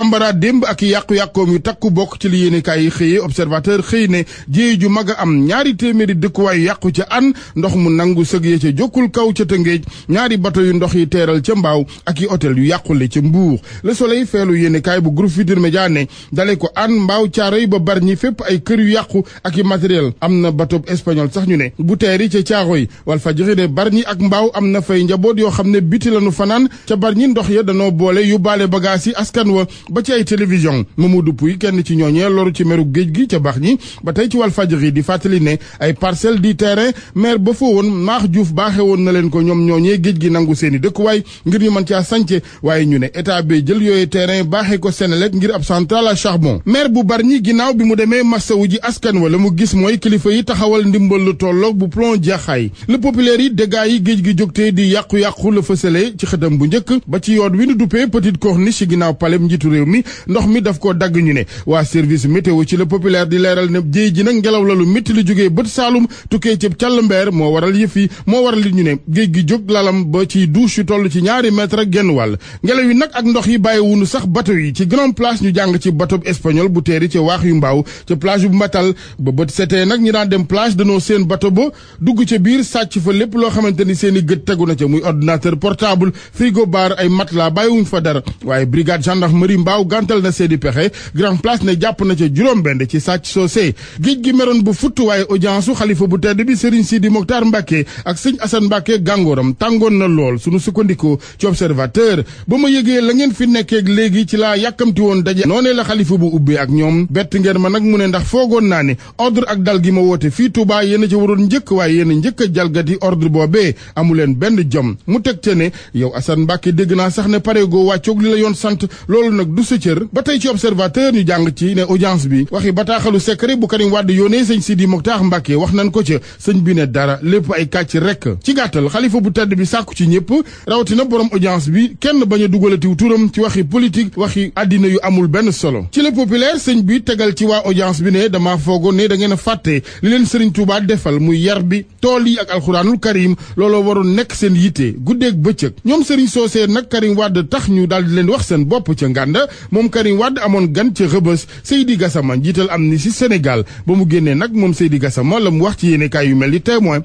ambara démb ak yàqu-yàqoom yu takku bokk ci li yéenekaay yi xëyee observateur xëy ne jéey ju mag am ñaari téeméeri dëkkuwaay yàqu ca an ndox mu nangu sëg ya ca jokkul kaw ca tëngéej ñaari bato yu ndox yi teeral ca mbaaw ak yi hôtel yu le ca mbuur le soleil feelu yéenekaay bu groupe Futurs Médias ne dale ko an mbaaw caaroy ba bar ñi fépp ay kër yu yàqu ak yi matériel am na bato espagnol sax ñu ne bu teeri ca caaroy wal fa joxe ne bar ñi ak mbaaw am na fay njaboot yoo xam ne biti lanu fanaan ca bar ñi ndox ya danoo boole yu baale bagaas yi askan wa ba ci ay télévision mamoudou Pouy kenn ci ñooñe loru ci meru géej ca bax ñi ba tey ci di fàttali ne ay parcelle di terrain maire ba fa woon Maax Diouf baaxee woon na leen ko ñoom ñooñe géej gi nangu seen dëkkuwaay ngir ñu mën caa sànce waaye ñu ne état bi jël yooyu terrain baaxee ko Senelec ngir ab central à charbon maire bu Bargny ginnaaw bi mu demee mugis, ji askan wala mu gis mooy kilifa yi taxawal ndimbal lu tolloog bu plomb le populaire yi dégâts yi géej gi di yàqu-yàqu la fësale ci xëtam bu njëkk ba ci yoon wi nu duppee petite corniche réew mi ndox mi daf koo dagg ñu ne waa service météo ci la populaire di leeral ne jéy ji nag ngelaw la lu métti lu jógee bët saalum tukkee cëb càll mbeer moo waral yëf yi moo waral li ñu ne géej gi jóg lalam ba ci douche yu toll ci ñaari mètre ak genn wàll ngelaw yi nag ak ndox yi bàyyiwunu sax bateau yi ci grand place ñu jàng ci bateau espagnol bu teeri ca waax yu mbaaw ca plage bu mbatal ba bët setee nag ñi daan dem place danoo seen bateau ba dugg ca biir sàcc fa lépp loo xamante ni seen i gët tegu ca muy ordinateur portable frigo bar ay matelas bàyyiwuñ fa dara mbaaw gantel na seeni pexe grand place ne jàpp na ca juróom benn ci sàcc soosé géej gi meroon bu futt waaye audience xalifa bu tedd bi Serigne Sidi Mokhtar Mbacke ak sëñ asan Mbacke gàngooram tàngoon na lool sunu sukkandikoo ci observateur ba ma yëgee la ngeen fi nekkeeg léegi ci laa yàkkamti woon daje noonee la xalifa bu ubi ak ñoom bett ngeen ma nag mu ne ndax foogoon naa ne ordre ak dal gi ma woote fii Touba yéen a ca waroon njëkk waaye yéen a njëkk jalgati ordre boobee amuleen benn jom mu teg ca ne yow Assane Mbacke dégg naa sax ne la yoon sant loolu nag du sa cër ba tey ci observateur ñu jàng ci ne audience bi waxi bataaxalu secret bu Karim Wade yónnee sëñ Sidi Mokhtar Mbacké wax nañ ko ca sëñ bi ne dara lépp ay kàcc rek ci gàttal xalifa bu tedd bi sàkku ci ñëpp rawatina borom audience bi kenn bañ a turam ci waxi politique waxi àddina yu amul benn solo ci le populaire sëñ bi tegal ci waa audience bi ne dama foogoon ne da a fàtte li leen Serigne Touba defal muy yar bi tool yi ak alxuraanul karim looloo wadda mom Karim Wade amoon gan ci rebeus Seydi Gassama amni ci senegal ba mu genné nak mom Seydi Gassama lam wax ci kay yu mel ni témoin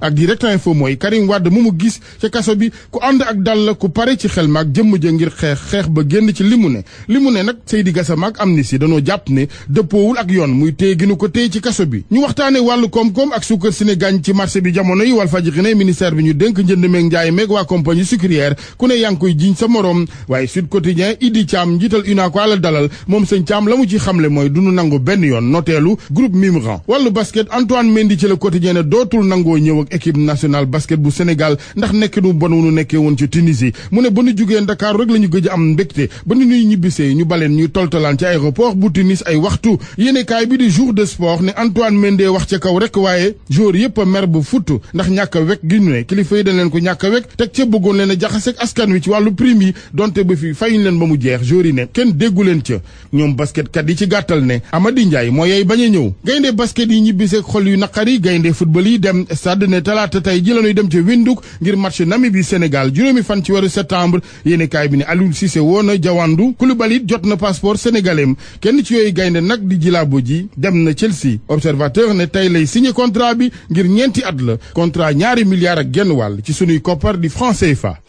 ak direct info moy Karim Wade mu mu gis ci kasso bi ku and ak dal ku pare ci xel mak jëm je ngir xex xex ba genn ci limu mu ne li mu ne muite Seydi Gassama ak Amnesty danoo jàpp ne dëppoowul ak yoon muy téye ko téye ci kasso bi ñu waxtaane walu kom kom ak sukkër senegal ne ci marché bi jamono yi Walfadjri ne ministère bi ñu dénk jënd mek njaay mek wa compagnie sucrière ku ne yang koy jiñ sa morom waye Sud Quotidien Seydi Thiam njiital UNACOIS la dalal moom sëñ Thiam la ci xamle mooy du nu nangu benn yoon noteelu groupe Mimran wàllu basket Antoine Mendy ci Le Quotidien ne dootul nangoo ñëw ak équipe nationale basket bu Sénégal ndax nekk du bon wu nu nekkee woon ci Tunisie mu ne ba nu jugee Dakar rek la gëj am mbégte ba nu ñuy ñibbisee ñu baleen ñuy toltalaan ci aéroport bu Tunis ay waxtu yéenekaay bi di jour de sport ne Antoine Mendy wax ca kaw rek waaye jour ko ñàkk a jeex jori ne kenn déggu leen ca ñoom basketkat yi ci gàttal ne Amady Ndiaye moo yey bañ a ñëw gaynde basket yi ñibbiseeg xol yu naqari gaynde football yi dem stade ne talaata tey ji lañuy dem ca Windhoek ngir match Namibie Sénégal juróomi fan ci weeru septembre yéeni kaay bi ne Aliou Cissé woo na Jawandu Koulibaly jot na passeport sénégalais kenn ci yooyu gaynde nag di jilaabo ji dem na Chelsea observateur ne tey lay signé contrat bi ngir ñeenti at la contrat ñaari milliards ak genn wàll ci sunuy koppar di franc CFA